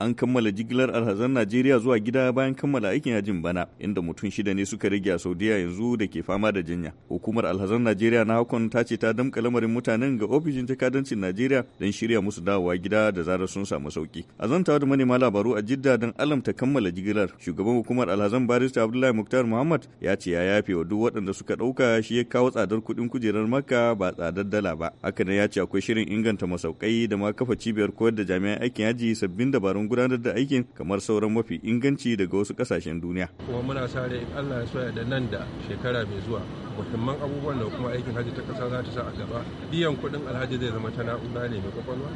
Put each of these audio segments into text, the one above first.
an kammala jigilar alhazan Najeriya zuwa gida bayan kammala aikin yajin bana inda mutum shida ne suka rage a Saudiya yanzu da ke fama da jinya. Hukumar alhazan Najeriya na hakon ta ce ta damƙa lamarin mutanen ga ofishin jakadancin Najeriya don shirya musu dawowa gida da zarar sun samu sauki. A tawa da manema labaru a Jidda don ta kammala jigilar shugaban hukumar alhazan barista Abdullahi Muktar Muhammad ya ce ya yafe wa duk waɗanda suka ɗauka shi ya kawo tsadar kuɗin kujerar Makka ba tsadar dala ba. Haka ne ya ce akwai shirin inganta masaukai da ma kafa cibiyar koyar da jami'an aikin yaji sabbin dabarun gudanar da aikin kamar sauran mafi inganci daga wasu kasashen duniya. Kuma muna sare in Allah ya soya da nan da shekara mai zuwa muhimman abubuwan da kuma aikin hajji ta kasa za ta sa a gaba biyan kuɗin alhaji zai zama ta na'ura ne mai kwakwalwa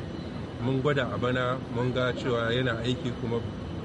mun gwada a bana mun ga cewa yana aiki kuma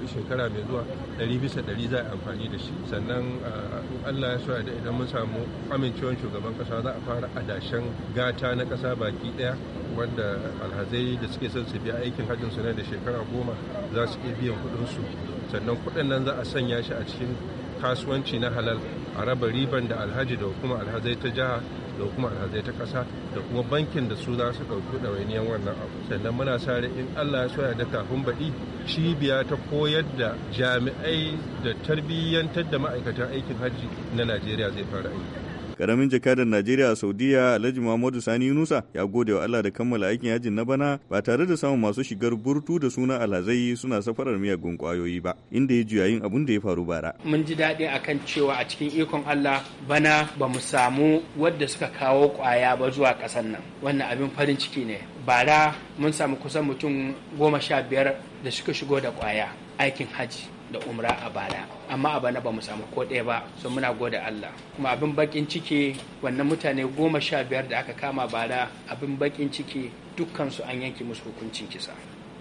shekara mai zuwa ɗari bisa ɗari za a amfani da shi sannan eh, allah ya so da idan mun samu amincewar shugaban ƙasa za a fara adashen gata na ƙasa baki ɗaya wanda alhazai da suke son su biya aikin hajjin su na da shekara goma za su iya biyan kuɗinsu sannan kuɗin nan za a sanya shi a cikin kasuwanci na halal a raba riban da alhaji da kuma alhazai ta jiha da kuma alhazai ta kasa da kuma bankin da su za su ɗauki ɗawainiyar wannan abu sannan muna sa in allah ya soya da kafin baɗi cibiya ta koyar da jami'ai da tarbiyyantar da ma'aikatan aikin hajji na najeriya zai fara aiki Karamin jakadar Najeriya a Saudiya Alhaji Muhammadu Sani Yunusa ya gode wa Allah da kammala aikin yajin na bana ba tare da samun masu shigar burtu da suna alhazai suna safarar miyagun kwayoyi ba inda ya juya yin abun da ya faru bara. Mun ji daɗi akan cewa a cikin ikon Allah bana ba mu samu wadda suka kawo kwaya ba zuwa ƙasar nan wannan abin farin ciki ne bara mun samu kusan mutum goma sha biyar da suka shigo da kwaya aikin hajji. da umra a bana amma a bana ba mu samu ko ɗaya ba so muna gode Allah kuma abin bakin ciki wannan mutane goma sha biyar da aka kama bara abin bakin ciki dukkansu an yanke musu hukuncin kisa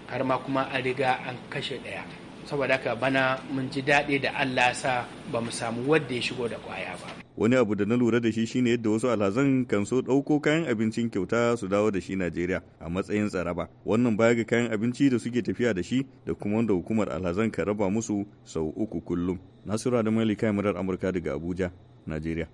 har ma kuma an riga an kashe ɗaya saboda haka bana mun ji daɗi da Allah sa ba mu samu wadda ya shigo da kwaya ba wani abu da na lura da shi shine yadda wasu alhazan kan so ɗauko kayan abincin kyauta su dawo da shi Najeriya a matsayin tsaraba wannan baya ga kayan abinci da suke tafiya da shi da kuma wanda hukumar alhazan ka raba musu sau uku kullum Nasiru da Malika Murar Amurka daga Abuja Najeriya